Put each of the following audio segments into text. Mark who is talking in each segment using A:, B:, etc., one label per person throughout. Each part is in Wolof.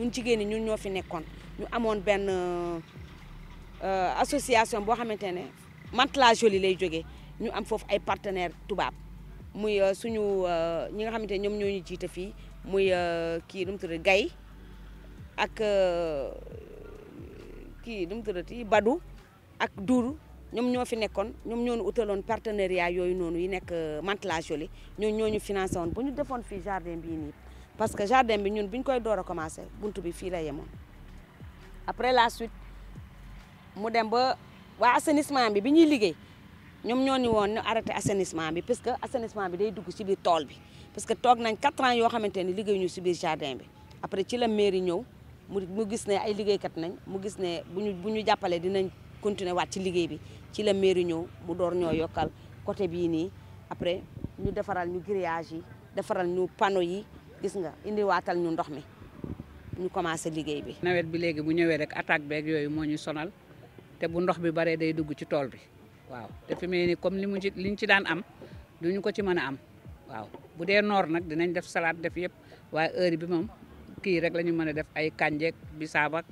A: ñun jigéen ñi ñun ñoo fi nekkoon ñu amoon benn euh, association boo xamante ne Mantes-la Jolie lay jógee ñu am foofu ay partenaires tubaab muy euh, suñu euh, ñi nga xamante ne ñoom ñoo ñu jiita fii muy kii nu mu tudd Gaye ak kii nu mu tuddati Badou ak Doudou ñoom ñoo fi nekkoon ñoom ñoo ñu utaloon partenariat yooyu noonu yi nekk Mantes-la-Jolie ñoo ñoo ñu financé woon bu ñu defoon fii jardin bii nii. parce que jardin bi ñun biñ koy door a commencé buntu bi fii la yemoon après la suite mu dem ba waa assainissement bi bi ñuy liggéey ñoom ñoo ni woon ñu arrêté assainissement bi parce que assainissement bi day dugg ci biir tool bi parce que toog nañ quatre ans yoo xamante ni liggéey ñu ci biir jardin bi après ci la mairie ñëw mu gis ne ay liggéeykat nañ mu gis ne bu ñu bu ñu jàppalee dinañ continuer waat ci liggéey bi ci la mairie ñëw mu door ñoo yokkal côté bii nii après ñu defaral ñu grillage yi defaral ñu panneau yi gis nga indiwaatal ñu ndox mi ñu commencé liggéey bi. nawet bi léegi bu ñëwee
B: rek attaque beeg yooyu moo ñu sonal te bu ndox bi baree day dugg ci tool bi waaw te fi mu ne comme li mu ci liñ ci daan am duñu ko ci mën a am waaw bu dee noor nag dinañ def salade def yëpp waaye heure bi moom kii rek la mën a def ay kànjeeg bisaab ak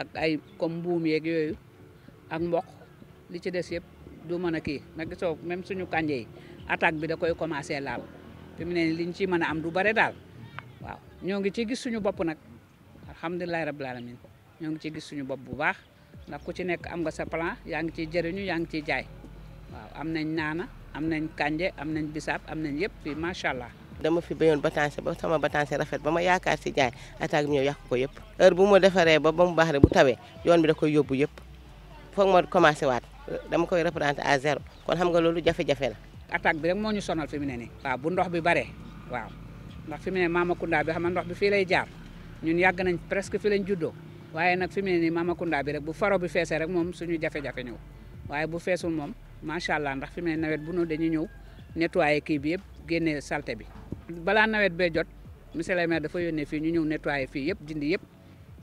B: ak ay comme mbuum yeeg yooyu ak mboq li ci des yëpp du mën a kii nag même suñu kànje yi attaque bi da koy commencé laal liñ ci mën a am du bare daal. ñoo ngi ci gis suñu bopp nag alhamdulilahi rabbil alamin ñoo ngi ci gis suñu bopp bu baax ndax ku ci nekk am nga sa plan yaa ngi ciy jëriñu yaa ngi ciy jaay waaw am nañ naana am nañ kànje am nañ bisaab am nañ yëpp fii macha allah.
C: dama fi béyoon batancé ba sama batancé rafet ba ma yaakaar si jaay attaque bi ñëw yàq ko yëpp heure bu mu defaree ba ba mu baax rek bu tawee yoon bi da koy yóbbu yëpp foog ma commencé waat dama koy reprendre à zéro kon xam nga loolu jafe la.
B: attaque bi rek moo ñu sonal fi ne nii. waaw bu ndox bi bare waaw. ndax fi mu bi xam nga ndox bi fii lay jaar ñun yàgg nañ presque fi lañ juddoo waaye nag fi mu ne bi rek bu faro bi feesee rek moom suñu jafe-jafe ñëw waaye bu feesul moom macha allah ndax fi nawet bu nu dañuy ñëw nettoyer kii bi yëpp génne salte bi balaa nawet bee jot monsieur le maire dafa yónnee fii ñu ñëw nettoyer fii yëpp dindi yëpp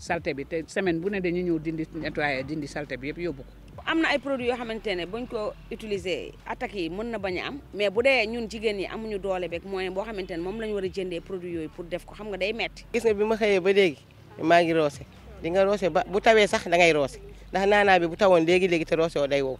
B: salte bi te semaine bu ne dañu ñëw dindi nettoyer dindi salte bi yëpp yóbbu ko
A: am na ay produits yoo xamante ne buñ ko utiliser attaques yi mën na bañ am mais bu dee ñun jigéen ñi amuñu doole beeg moyen boo xamante ne moom la ñu war a jëndee produit
C: yooyu pour def ko xam nga day metti gis nga bi ma xëyee ba léegi maa ngi roose di roose bu tawee sax da ngay roose ndax naanaa bi bu tawoon léegi léegi te roose oo day wow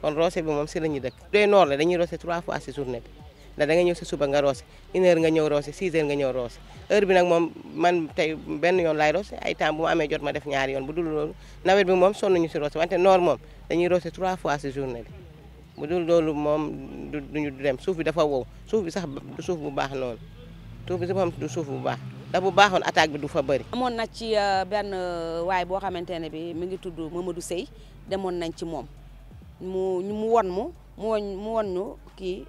C: kon roose bi moom si la dëkk. bu noor la dañuy roose trois fois si journée bi. da nga ñëw si suba nga roose une heure nga ñëw roose six nga ñëw roose heure bi nag moom man tey benn yoon laay roose ay temps bu amee jot ma def ñaar yoon bu dul loolu nawet bi moom sonn ñu si roose wante noor moom dañuy roose trois fois si journée bi bu dul loolu moom du duñu dem suuf bi dafa wow suuf bi sax du suuf bu baax noonu suuf bi sax du suuf bu baax ndax bu baaxoon attaque bi du fa bëri.
A: amoon na ci euh, benn euh, waay boo xamante ne bi mi ngi tudd Mamadou Seye demoon nañ ci moom mu mu mu mu won mu won kii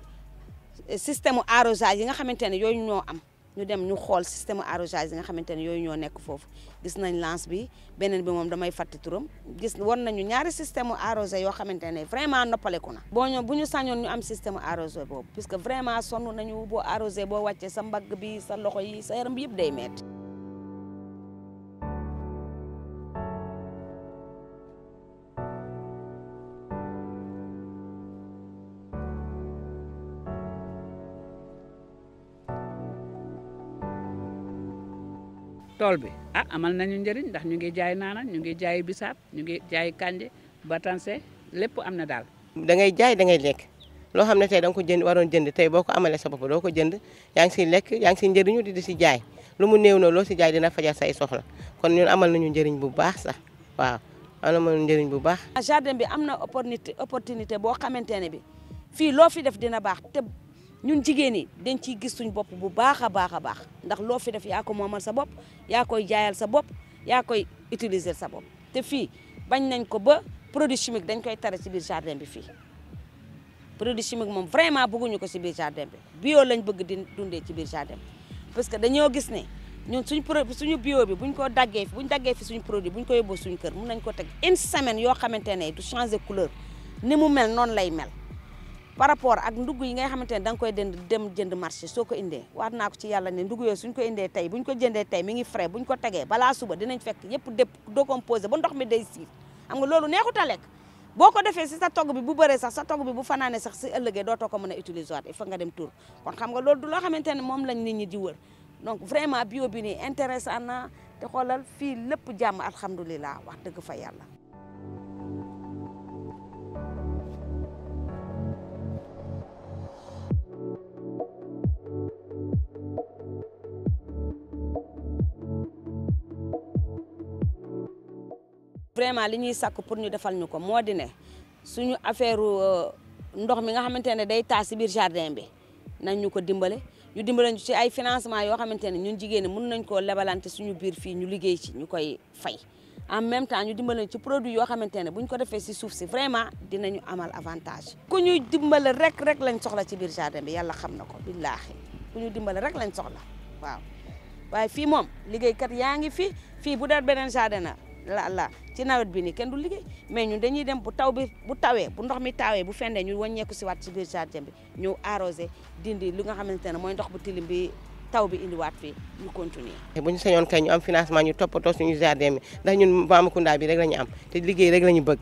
A: système arrosage yi nga xamante ne yooyu ñoo am ñu dem ñu xool système arrosage yi nga xamante ne yooyu ñoo nekk foofu gis nañ lance bi beneen bi moom damay fàtte turam gis war nañu ñaari système arrosé yoo xamante ne vraiment noppaleku na boo ñoom bu ñu sañoon ñu am système arrosé boobu que vraiment sonn nañu boo arrosé boo wàccee sa mbagg bi sa loxo yi sa yaram bi yëpp day metti
B: tool bi ah amal nañu njëriñ ndax ñu ngi jaay naana ñu ngi jaay bisaab ñu ngi jaay kànje batanse lépp am na daal.
C: da ngay jaay da ngay lekk loo xam ne tey da ko jënd waroon jënd tey boo ko amalee sa bopp doo ko jënd yaa ngi siy lekk yaa ngi siy njëriñu di di si jaay lu mu néew na loo si jaay dina fajal say soxla kon ñun amal nañu njëriñ bu baax sax waaw amal nañu njëriñ bu baax.
A: jardin bi am na opportunité boo xamante ne bi fii loo fi def dina baax ñun jigéen ñi dañ ciy gis suñu bopp bu baax a baax a baax ndax loo fi def yaa ko moomal sa bopp yaa koy jaayal sa bopp yaa koy utiliser sa bopp te fii bañ nañ ko ba produit chimique dañ koy tere ci biir jardin bi fii produit chimique moom vraiment bëgguñu ko ci biir jardin bi bio lañ bëgg di dundee ci biir jardin bi parce que dañoo gis ne ñun suñ suñu bio bi buñ ko daggee buñ daggee fi suñu produit buñ ko yóbboo suñu kër mun nañ ko teg une semaine yoo xamante ne du changer couleur ni mu mel noonu lay mel par rapport ak ndugg yi nga xamante ne da nga koy dënd dem jënd marché soo ko indee waat na ko ci yàlla ne ndugg yooyu suñ ko indee tey buñ ko jëndee tey mi ngi frais buñ ko tegee balaa suba dinañ fekk yëpp dépp décomposé ba ndox mi day siif xam nga loolu neexut a lekk boo ko defee si sa tog bi bu bëree sax sa togg bi bu fanaane sax si ëllëgee dootoo ko mën a utiliser waat il faut nga dem tur kon xam nga loolu du loo xamante ne moom lañ nit ñi di wër donc vraiment bio bi nii intéressant na te xoolal fii lépp jàmm alhamdulilah wax dëgg fa yàlla vraiment li ñuy sàkk pour ñu defal ñu ko moo di ne suñu affaire euh, ndox mi nga xamante ne day taa si biir jardin bi nañ ñu ko dimbale ñu dimbale ñu ci ay financement yoo xamante ne ñun jigéen ñi mën nañ koo lebalante suñu biir fii ñu liggéey ci ñu koy fay en même temps ñu dimbale ci produit yoo xamante ne bu ñu ko defee si suuf si vraiment dinañu amal avantage ku ñu dimbale rek rek lañ soxla ci biir jardin bi yàlla xam na ko billaahi ku ñu dimbale rek lañ soxla waaw waaye fii moom liggéeykat yaa ngi fi fii bu dee beneen jardin la la ci nawet bi nii kenn du liggéey mais ñun dañuy dem bu taw bi bu tawee bu ndox mi tawee bu fendee ñu wàññeeku si waat si biir jardin bi ñëw arrosé dindi li nga xamante ne mooy ndox bu tilim bi taw bi indiwaat fii ñu continuer
C: bu ñu kay ñu am financement ñu toppatoo suñu jardin bi ndax ñun Bambacounda bi rek la am te liggéey rek la ñu bëgg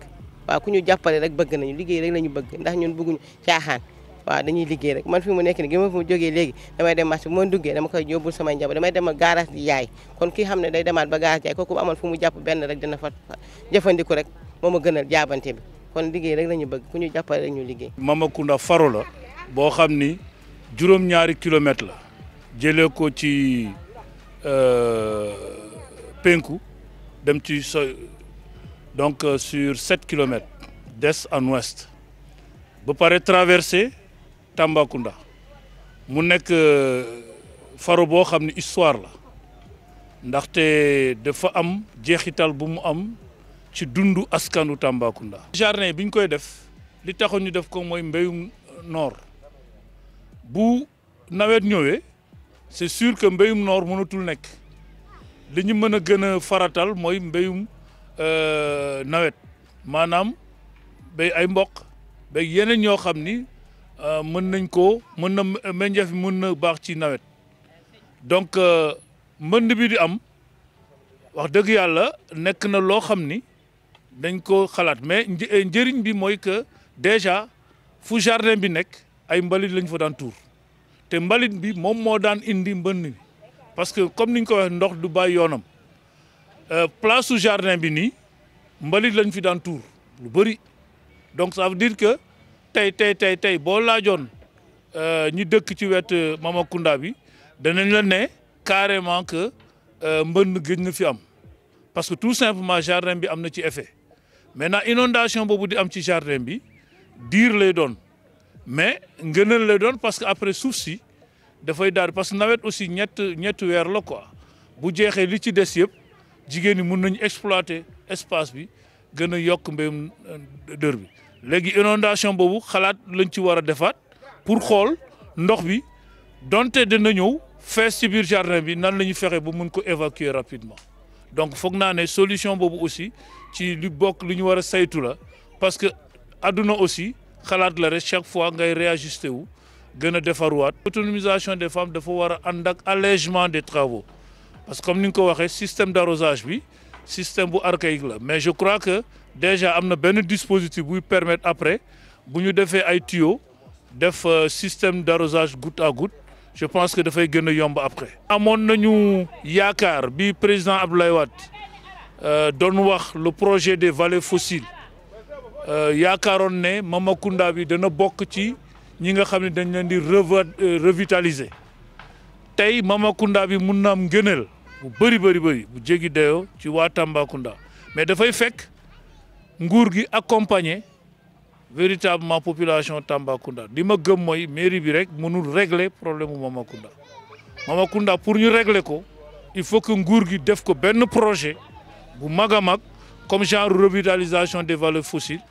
C: waaw ku ñu jàppale rek bëgg nañu liggéey rek la ñu bëgg ndax ñun bëgguñu caaxaan waa dañuy liggéey rek man fi mu nekk nii gi ma fi mu jógee léegi damay dem marché bu ma koy yóbbul samay njaboot damay dem garage di yaay kon kii xam ne day demaat ba garage yaay kooku amoon fu mu jàpp benn rek dina fa jëfandiku rek moo ma gënal jaabante bi kon liggéey rek la ñu bëgg ku ñu jàppale rek ñu liggéey.
D: Mamakunda faro la boo xam ni juróom-ñaari kilomètre la jële ko ci euh, penku dem ci so donc euh, sur sept kilomètres d'est en ouest ba pare traversé. Tambacounda mu nekk euh, faro boo xam ne histoire la ndaxte dafa am jeexital bu mu am ci dundu askanu Tambacounda. jardin bi ñu koy def li taxoon ñu def ko mooy mbéyum noor bu nawet ñëwee c'est sûr que mbéyum noor mënatul nekk li ñu mën a gën a faratal mooy mbéyum euh, nawet maanaam béy ay mboq béy yeneen ñoo xam ni. Euh, mën nañ ko mën na euh, meññeef bi mën na baax ci nawet donc euh, mbënn bi di am wax dëgg yàlla nekk na loo xam ni dañ ko xalaat mais njëriñ bi mooy que déjà fu jardin bi nekk ay mbalit lañ fa daan tuur te mbalit bi moom moo daan indi mbënn bi parce que comme niñ ko waxee ndox du bàyyi yoonam place su jardin bi nii mbalit lañ fi daan tuur lu bëri donc ça veut dire que tey tey tey tey boo laajoon euh, ñu dëkk ci wet euh, Mamakunda bi danañ la ne carrément que euh, mbënn gëj na fi am parce que tout simplement jardin bi am na ci effet maintenant inondation boobu di am ci jardin bi diir lay doon mais ngënal lay doon parce que après suuf si dafay daar parce que nawet aussi ñett ñetti weer la ko bu jeexee li ci des yëpp jigéen ñi mun nañu exploiter espace bi gën a yokk mbéyum dër bi léegi inondation boobu xalaat lañ ci war a defaat pour xool ndox bi donte dina ñëw fees ci biir jardin bi nan la ñu fexe ba mun ko évacuer rapidement donc foog naa ne solution boobu aussi ci li bokk li ñu war a saytu la parce que adduna aussi xalaat la rek chaque fois ngay réajusté wu gën a defaruwaat autonomisation des femmes dafa war a ànd ak allègement des travaux parce que comme ni nga ko waxee système d' arrosage bi système bu archaïque la mais je crois que déjà am na benn dispositif buy permettre après bu ñu defee ay tuyaux def euh, système d'arrosage goutte à goutte je pense que dafay gën a yomb après. amoon nañu yaakaar bi président Abdoulaye Wade euh, doon wax le projet des vallées fossiles euh, yaakaaroon ne Mamakunda bi dana bokk ci ñi nga xam ne dañ leen di revitaliser tey Mamakunda bi mun na am ngëneel bu bëri bëri bëri bu jéggi dayoo ci waa Tambacounda mais dafay fekk. nguur gi accompagner véritablement population Tambacounda li ma gëm mooy mairie bi rek mënul régler problème mu Mamakunda Mamakunda pour ñu régler ko il faut que nguur gi def ko benn projet bu mag a mag comme genre revitalisation des valeurs fossiles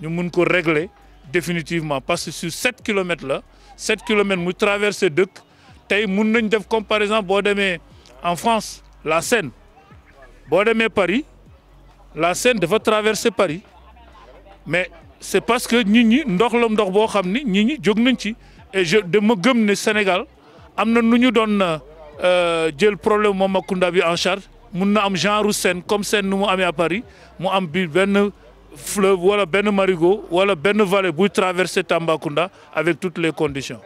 D: ñu mun ko régler définitivement parce que sur sept kilomètres la sept kilomètres mu traversé dëkk tey mun nañ def comme par exemple boo demee en France la Seine boo demee Paris la Seine dafa traverser Paris mais c'est parce que nit ñi ndox la ndox boo xam ni nit ñi jóg nañ ci et je ma gëm ne Sénégal am na nu ñu doon euh, jël problème moom Macounda bi en charge mun na am genre seen comme Seine nu mu amee à Paris mu am bi benn fleuve wala benn marigo wala benn vallée buy traverser Tambacounda avec toutes les conditions